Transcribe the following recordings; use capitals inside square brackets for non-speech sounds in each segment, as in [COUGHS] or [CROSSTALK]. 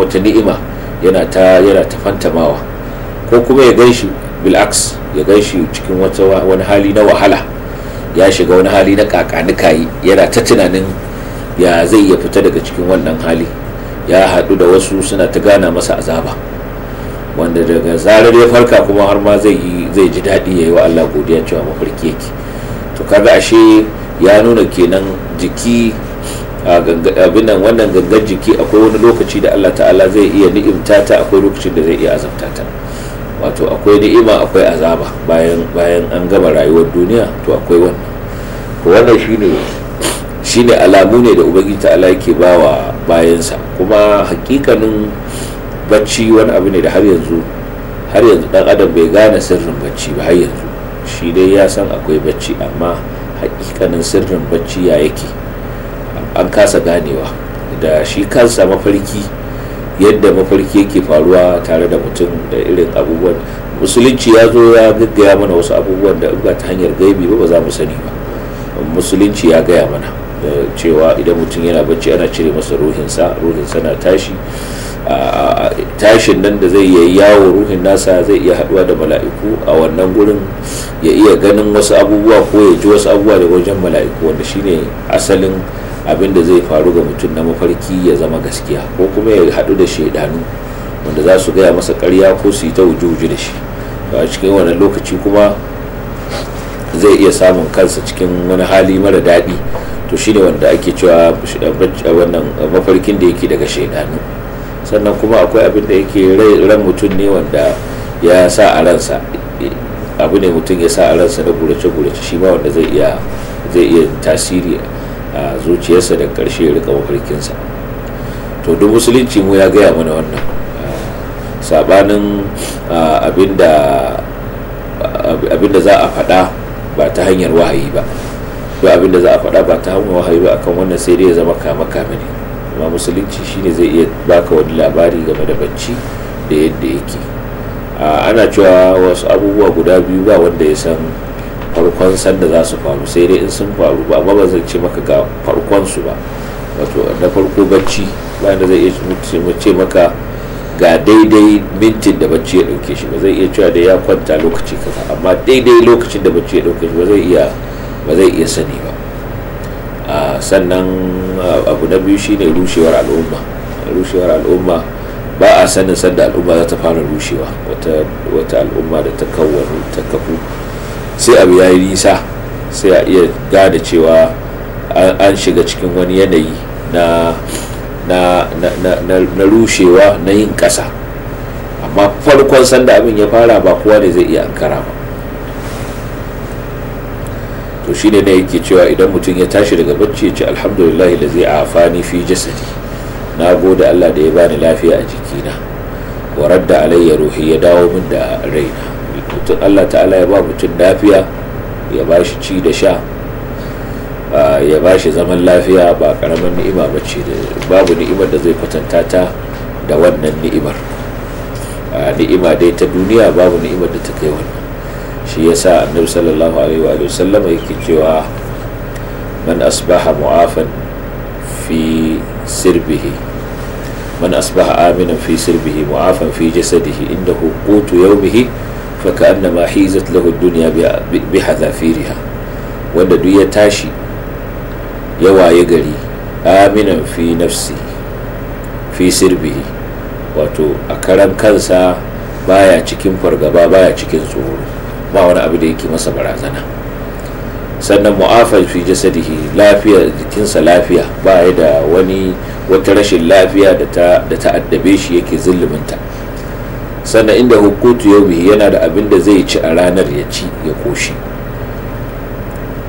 wata ni'ima yana ta yana ta fantamawa ko kuma ya ganshi bil'aks ya ganshi cikin wata wani hali na wahala ya shiga wani hali na kakanikayi yana ta tunanin ya zai iya fita daga cikin wannan hali ya haɗu da wasu suna ta gana masa azaba wanda daga zarar ya farka kuma har ma zai ji daɗi ya yi wa Allah godiya cewa mafarki yake to kaga ashe ya nuna kenan jiki abin wannan gangan jiki akwai wani lokaci da Allah ta'ala zai iya ni'imta ta akwai lokacin da zai iya azabta ta wato akwai ni'ima akwai azaba bayan an gama rayuwar duniya to akwai wannan ko wannan shine shine alamu ne da ubangi ta'ala yake bawa bayansa kuma hakikanin bacci wani abu ne da har yanzu har yanzu dan adam bai gane sirrin bacci ba har yanzu shi dai ya san akwai bacci amma hakikanin sirrin bacci ya yake an kasa ganewa da shi kansa mafarki yadda mafarki yake faruwa tare da mutum da irin abubuwan musulunci ya zo ya gaggaya mana wasu abubuwan da ba ta hanyar gaibi ba ba za mu sani ba musulunci ya gaya mana eh, cewa idan mutum yana bacci ana cire masa ruhinsa ruhinsa na tashi tashin nan da zai yi yawo ruhin nasa zai iya haduwa da mala'iku a wannan gurin ya iya ganin wasu abubuwa ko ya ji wasu abubuwa da wajen mala'iku wanda shine asalin abin da zai faru ga mutum na mafarki ya zama gaskiya ko kuma ya haɗu da shaidanu wanda za su gaya masa karya ko su yi ta wujuji da shi a cikin wani lokaci kuma zai iya samun kansa cikin wani hali mara daɗi to shi ne wanda ake cewa eh, wannan mafarkin da yake daga shaidanu sannan kuma akwai abin da yake ran mutum ne wanda ya sa a ransa eh, abu ne mutum ya sa a ransa na gurace-gurace shi ma wanda zai iya tasiri a zuciyarsa da karshe ya rika mafarkinsa to duk musulunci mu ya gaya mana wannan sabanin abinda za a faɗa ba ta hanyar wahayi ba duk abinda za a faɗa ba ta hanyar wahayi ba akan wannan sai dai ya zama kama kama ne amma musulunci shine zai iya baka wani labari game da bacci da yadda yake ana cewa wasu abubuwa guda biyu ba wanda ya san farkon sanda za su faru sai dai in sun faru ba ba zai ce maka ga farkon su ba wato na farko bacci ba da zai iya ce maka ga daidai mintin da bacci ya dauke shi ba zai iya cewa da ya kwanta lokaci kaza amma daidai lokacin da bacci ya dauke shi ba zai iya ba zai iya sani ba sannan abu na biyu shine rushewar al'umma rushewar al'umma ba a sanin sanda al'umma za ta fara rushewa wata al'umma da ta kawo ta kafu sai abu ya yi nisa sai a iya gada cewa an shiga cikin wani yanayi na na, rushewa na yin ƙasa amma farkon sanda abin ya fara ba kowa ne zai iya ankara ba to shi ne yake cewa idan mutum ya tashi daga bacci ya ce alhamdulillah da zai afani fi jasadi na gode allah da ya bani lafiya a jikina warar da alayya ruhi ya dawo min da raina mutum allah ta'ala ya ba mutum lafiya ya ba shi ci da sha ya ba shi zaman lafiya ba karamin ni'ima ba ce babu ni'imar da zai kwatanta ta da wannan ni'imar ni'ima dai ta duniya babu ni'imar da ta kai wannan shi yasa annabi sallallahu alaihi wa sallam yake cewa man asbaha mu'afan fi sirbihi man asbaha aminan fi sirbihi mu'afan fi jasadihi inda hukutu yaumihi فكأنما حيزت له الدنيا بحذافيرها wanda duk ya tashi ya waye gari aminan fi nafsi fi sirbihi wato a karan kansa baya cikin fargaba baya cikin tsoro ba wani abu da yake masa barazana sannan mu'afal fi jasadihi lafiya jikinsa lafiya ba ya da wani wata rashin lafiya da ta addabe shi yake zulluminta sannan inda hukutu ya yaumi yana da abin da zai ci a ranar ya ci ya koshi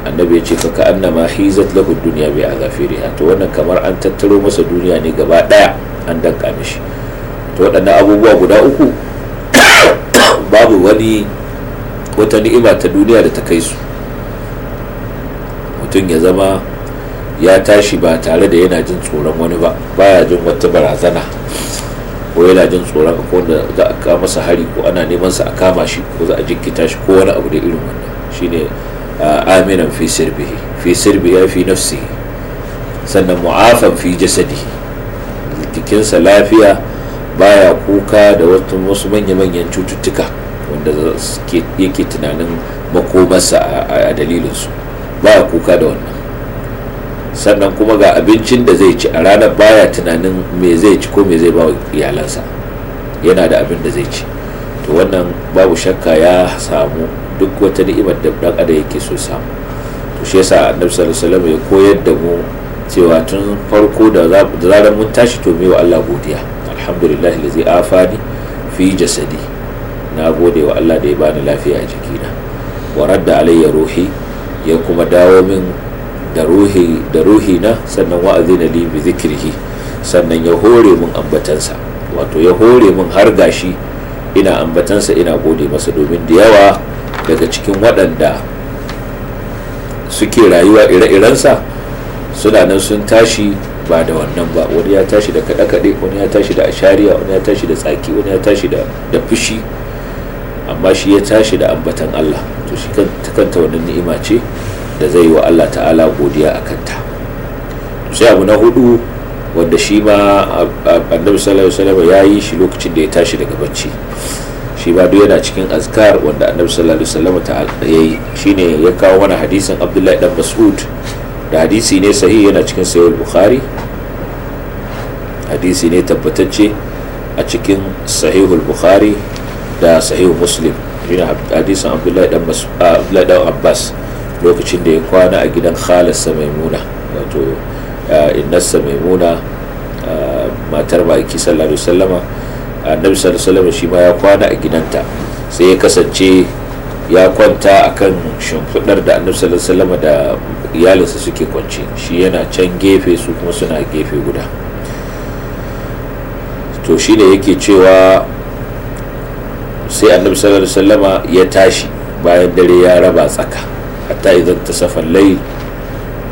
annabi ya ce faka anna ma hizat lahu duniya bi azafiriha to wannan kamar an tattaro masa duniya ne gaba daya an danka mishi to waɗannan abubuwa guda uku [COUGHS] babu wani wata ni'ima ta duniya da ta kai su mutum ya zama ya tashi ba tare da yana jin tsoron wani ba baya jin wata barazana ko yana jin tsoron ko wanda za a kama masa hari ko ana neman sa a kama shi ko za a jinkita shi ko wani abu da irin wannan shine aminan fi sirbihi fi sirbi ya fi nafsihi sannan mu'afan fi jasadihi jikinsa lafiya baya kuka da wasu manya-manyan cututtuka wanda yake tunanin makomarsa a dalilinsu baya kuka da wannan sannan kuma ga abincin da zai ci a ranar baya tunanin me zai ci ko me zai ba iyalansa yana da abin da zai ci to wannan babu shakka ya samu duk wata ni'imar da dan adam yake so samu to shi yasa annabi sallallahu alaihi ya koyar da mu cewa tun farko da zaran mun tashi to wa Allah godiya alhamdulillah allazi afani fi jasadi na gode wa Allah da ya bani lafiya a jikina wa radda alayya ruhi ya kuma dawo min da ruhi na sannan wa azina li bi sannan ya hore mun ambatansa wato ya hore mun har gashi ina ambatansa ina gode masa domin da yawa daga cikin waɗanda suke rayuwa ire-irensa suna nan sun tashi ba da wannan ba wani ya tashi da kaɗe-kaɗe wani ya tashi da ashariya wani ya tashi da tsaki wani ya tashi da fushi amma shi ya tashi da ambatan allah to shi kanta wannan ni'ima ce da zai yi wa allah ta'ala godiya a kanta sai abu na hudu wanda shi ma annabi sallallahu alaihi ya yi shi lokacin da ya tashi daga bacci shi ba duk yana cikin azkar wanda annabi sallallahu alaihi ta'ala ya yi shine ya kawo mana hadisin abdullahi dan mas'ud da hadisi ne sahihi yana cikin sahih bukhari hadisi ne tabbatacce a cikin sahihul bukhari da sahihul muslim shine hadisin abdullahi dan ah, abbas lokacin da ya kwana a gidan khalarsa maimuna wato eh, innarsa maimuna eh, matar baki sallallahu sallama annabi sallallahu sallama shi ma ya kwana a gidanta sai ya kasance ya kwanta a kan shimfiɗar da annabi sallallahu sallama da iyalinsa suke kwance shi yana can gefe su kuma suna gefe guda to shi ne yake cewa sai annabi sallallahu sallama ya tashi bayan dare ya raba tsaka hatta إذا safar الليل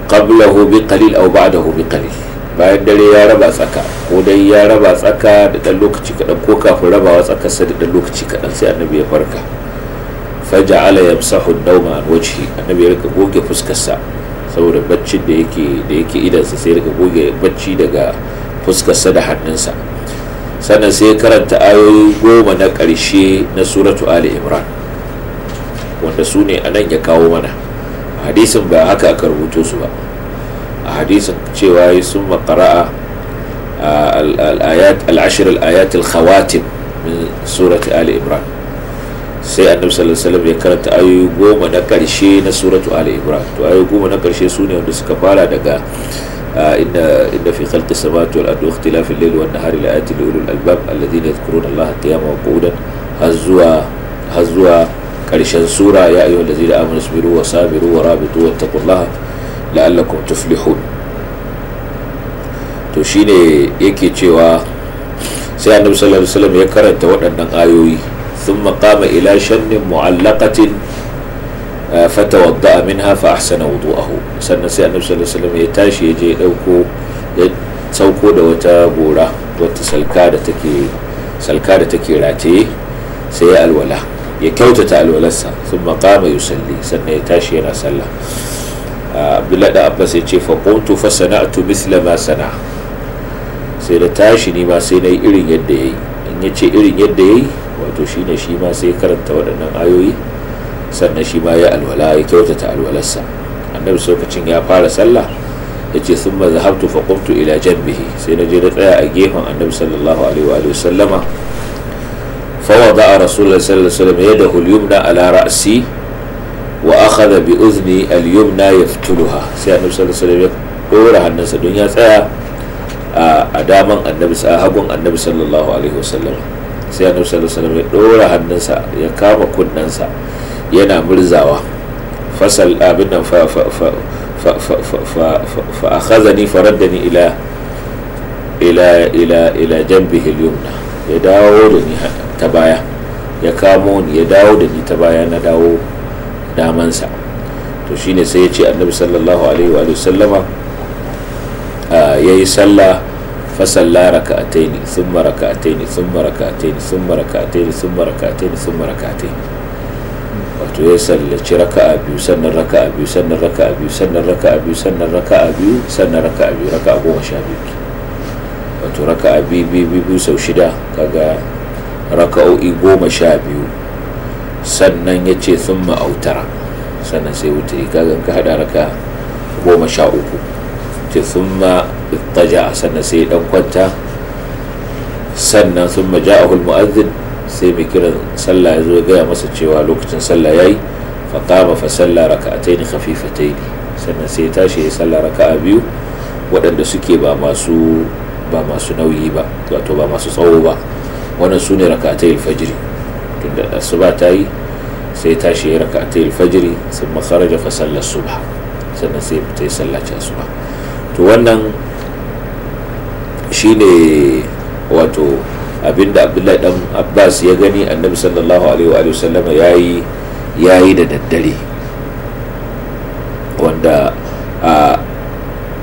قبله بقليل أو بعده بقليل da kalil bayan dare ya raba tsaka ko dai ya raba tsaka da dan lokaci kadan ko kafin rabawa tsakarsa da dan lokaci kadan sai annabi ya farka ja'ala yamsahu an-nawma an wajhi annabi ya rika goge fuskarsa saboda baccin da yake da yake idansa sai rika goge bacci daga fuskarsa da hannunsa sannan sai karanta ayoyi goma na karshe na suratu ali imran wanda su ne a nan ya kawo mana hadisin ba haka aka rubuto su ba a hadisin cewa yi sun makara'a al'ashir al'ayat al-khawatim min surat ali imran sai annabi sallallahu alaihi wasallam ya karanta ayoyi goma na karshe na suratu ali imran to ayoyi goma na karshe su ne wanda suka fara daga inda إن إن في خلق السماوات والأرض واختلاف الليل والنهار لآيات لأولي الألباب الذين يذكرون الله قياما وقعودا هزوا zuwa. karshen sura ya ayyuhal ladzina amanu sabiru wa sabiru wa rabitu wattaqullaha la'allakum tuflihun to shine yake cewa sai annabi sallallahu alaihi wasallam ya karanta waɗannan ayoyi thumma qama ila shannin mu'allaqatin eh, fatawadda minha fa ahsana wudu'ahu sannan sai annabi sallallahu alaihi wasallam ya tashi ya je ya dauko ya sauko da wata gora wata salka da take salka da take rataye sai ya alwala ya kyautata alwalarsa sun makama yusalli sannan ya tashi yana sallah ah, abdullahi da abbas ya ce faƙontu fa sana'atu misla ma sana sai da tashi ni ma sai na yi irin yadda ya yi in ya ce irin yadda ya yi wato shi ne shi ma sai karanta waɗannan ayoyi sannan shi ma ya alwala ya kyautata alwalarsa annabi lokacin ya fara sallah ya ce sun mazahabtu faƙontu ila jambihi sai na je na tsaya a gefen annabi sallallahu alaihi wa sallama فوضع رسول الله صلى الله عليه وسلم يده اليمنى على رأسي وأخذ بأذني اليمنى يفتلها سيدنا صلى الله عليه وسلم يقول الناس الدنيا ساعة أداما النبي ساهقون النبي صلى الله عليه وسلم سيدنا صلى الله عليه وسلم يقول الناس يكام كننسا ينا مرزاوا فسل أبنا فأخذني فردني إلى إلى إلى إلى جنبه اليمنى ya dawo da ni ta baya ya kamo ni ya dawo da ni ta baya na dawo damansa to shine sai ya ce annabi sallallahu alaihi wa sallama ya yi sallah fasalla sun ni sun maraka sun raka'ataini thumma raka'ataini sun raka'ataini ta ni. wato ya sallaci raka a biyu sannan raka a biyu sannan raka a biyu sannan raka a biyu sannan raka a biyu sannan a biyu raka'a goma sha biyu wato raka a biyu sau shida kaga raka'o'i goma sha biyu sannan ya ce sun ma'autara sannan sai wuturi kaga ka hada raka goma sha uku ce sun ma'autaja sannan sai dan kwanta sannan sun ja maja'ahul mu'azzin sai mai kiran sallah ya zo gaya masa cewa lokacin sallah ya yi faƙama fa sallah raka'atai ne khafifatai ne sannan sai ya tashi ya sallah a biyu waɗanda suke ba masu ba masu nauyi ba wato ba masu tsawo ba wannan su ne rakatai alfajiri tunda asuba ta yi sai tashi ya rakatai alfajiri sun makaraja fa sallar subha sannan sai ta yi sallaci asuba to wannan shi ne wato abinda abdullahi dan abbas ya gani annabi sallallahu alaihi wa sallam yayi yayi da daddare wanda a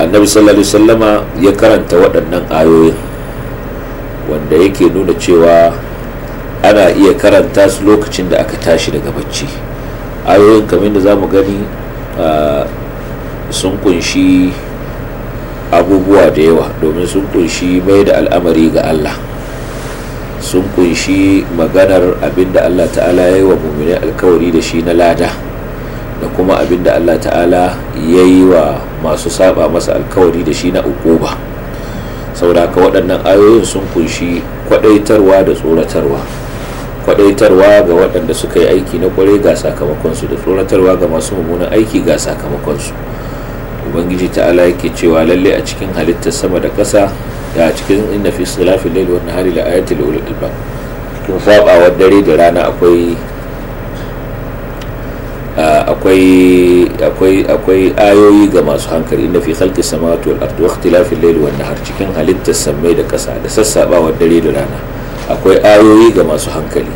annabi sallallahu alaihi sallama ya karanta waɗannan ayoyin wanda yake nuna cewa ana iya karanta su lokacin da aka tashi daga bacci ayoyin kamar da za mu gani sun kunshi abubuwa da yawa domin sun kunshi mai da al'amari ga allah sun kunshi maganar abinda allah ta'ala ya yi wa mummunan alkawari da shi na lada da kuma abin da Allah ta'ala ya yi wa masu saba masa alkawari da shi na uku ba. sauraka waɗannan ayoyin sun kunshi kwadaitarwa da tsoratarwa kwadaitarwa ga waɗanda suka yi aiki na kwarai ga sakamakonsu da tsoratarwa ga masu mummunan aiki ga sakamakonsu ubangiji ta'ala yake cewa lalle a cikin halittar sama da ƙasa da a cikin inna fi silafin laili wannan hali da ayatul ulul albab cikin sabawar dare da rana akwai akwai ayoyi ga masu hankali inda fi khalqi samawati wal ardi ikhtilafil layli wan nahar cikin halittar samai da ƙasa da sassabawar dare da rana akwai ayoyi ga masu hankali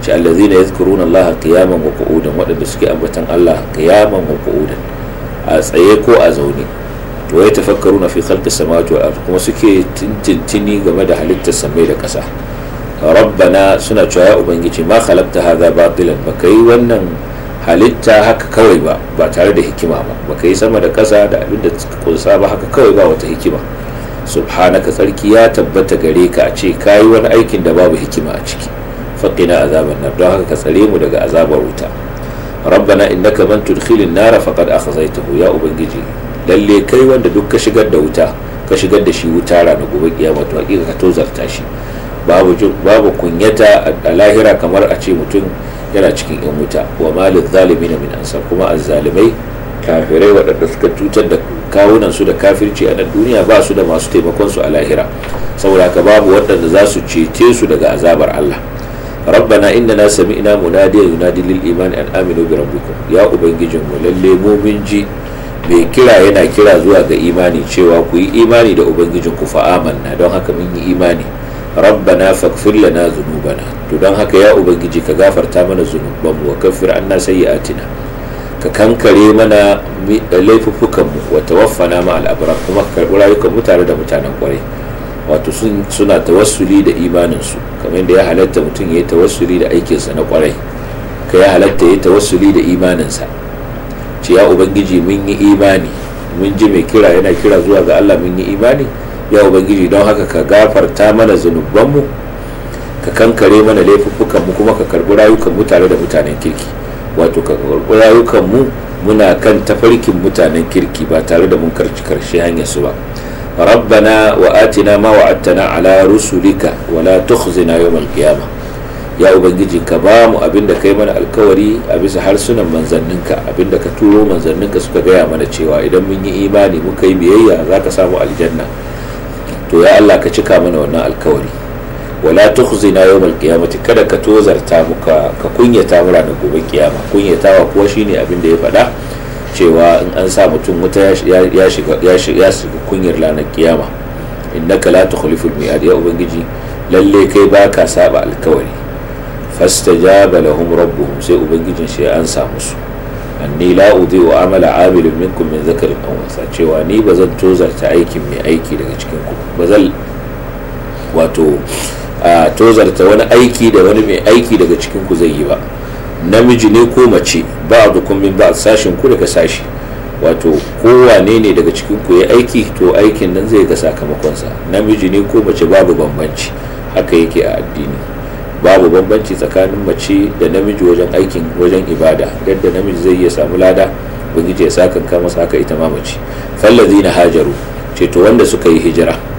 shi allazina yadhkuruna Allah qiyaman wa qu'udan waɗanda suke ambatan Allah qiyaman wa qu'udan a tsaye ko a zaune wa na fi khalqi samawati wal kuma suke tintintini game da halittar sammai da ƙasa rabbana suna cewa ya ubangiji ma khalaqta hadha batilan baka yi wannan halitta haka kawai ba ba tare da hikima ba baka yi sama da ƙasa da abin da kunsa ba haka kawai ba wata hikima subhanaka tsarki ya tabbata gare ka a ce kayi wani aikin da babu hikima a ciki faqina azaban nar don haka ka tsare mu daga azabar wuta rabbana innaka man tudkhilin nar faqad akhzaytahu ya ubangiji lalle kai wanda duk ka shigar da wuta ka shigar da shi wuta ranar gobe kiyama to haƙiƙa ka tozarta shi babu babu kunyata a lahira kamar a ce mutum yana cikin yan wuta wa malin zalimi na min ansar kuma azzalimai kafirai waɗanda suka cutar da kawunan su da kafirci a nan duniya ba su da masu taimakon su a lahira saboda haka babu waɗanda za su cece su daga azabar Allah rabbana sami ina munadiya yunadi lil imani an aminu biran rabbikum ya ubangijin mu lalle mumin ji mai kira yana kira zuwa ga imani cewa ku yi imani da ubangijin ku amanna don haka mun yi imani rabbana faghfir lana zunubana to don haka ya ubangiji ka gafarta mana zunubanmu wa kaffir anna sayyi'atina ka kankare mana eh, laifuffukanmu wa tawaffana ma al'abrar kuma ka karɓi rayukan mutane da mutanen kwarai wato suna tawassuli da imaninsu kamar inda ya halatta mutum ya yi tawassuli da aikinsa na kwarai ka ya halatta ya yi tawassuli da imaninsa ce ya ubangiji mun yi imani mun ji mai kira yana kira zuwa ga allah mun yi imani ya ubangiji don haka ka gafarta mana zunubanmu ka kankare mana mu kuma ka karbi rayukanmu tare da mutanen kirki wato ka karbi rayukanmu muna kan tafarkin mutanen kirki ba tare da mun karci karshe hanyar su ba rabbana wa atina ma wa'adtana ala rusulika wa la tukhzina yawmal qiyamah ya ubangiji ka ba mu abin da kai mana alkawari a bisa harsunan manzanninka da ka turo manzanninka suka gaya mana cewa idan mun yi imani muka yi biyayya za ka samu aljanna to ya Allah ka cika mana wannan alkawari wala tukhzina yawmal qiyamati kada ka tozarta mu ka kunyata mu ranar gobe kiyama kunyatawa kuwa shine abin da ya faɗa cewa in an sa mutum wuta ya shiga ya shiga kunyar ranar kiyama innaka la tukhliful mi'ad ya ubangiji lalle kai baka saba alkawari fastajaba lahum rabbuhum sai ubangijin shi an sa musu anni la wa amala abilin minkum min zakarin aw cewa ni ba zan tozarta aikin mai aiki daga cikin ku ba zan wato a tozarta wani aiki da wani mai aiki daga cikin ku zai yi ba namiji ne ko mace ba dukun min ba sashin ku daga sashi wato kowane ne daga cikin ku ya aiki to aikin nan zai ga sakamakonsa namiji ne ko mace babu bambanci haka yake a addini babu bambanci tsakanin mace da namiji wajen aikin wajen ibada yadda namiji zai iya samu lada ubangiji ya sakan kama haka ita ma mace fallazina hajaru ce to wanda suka yi hijira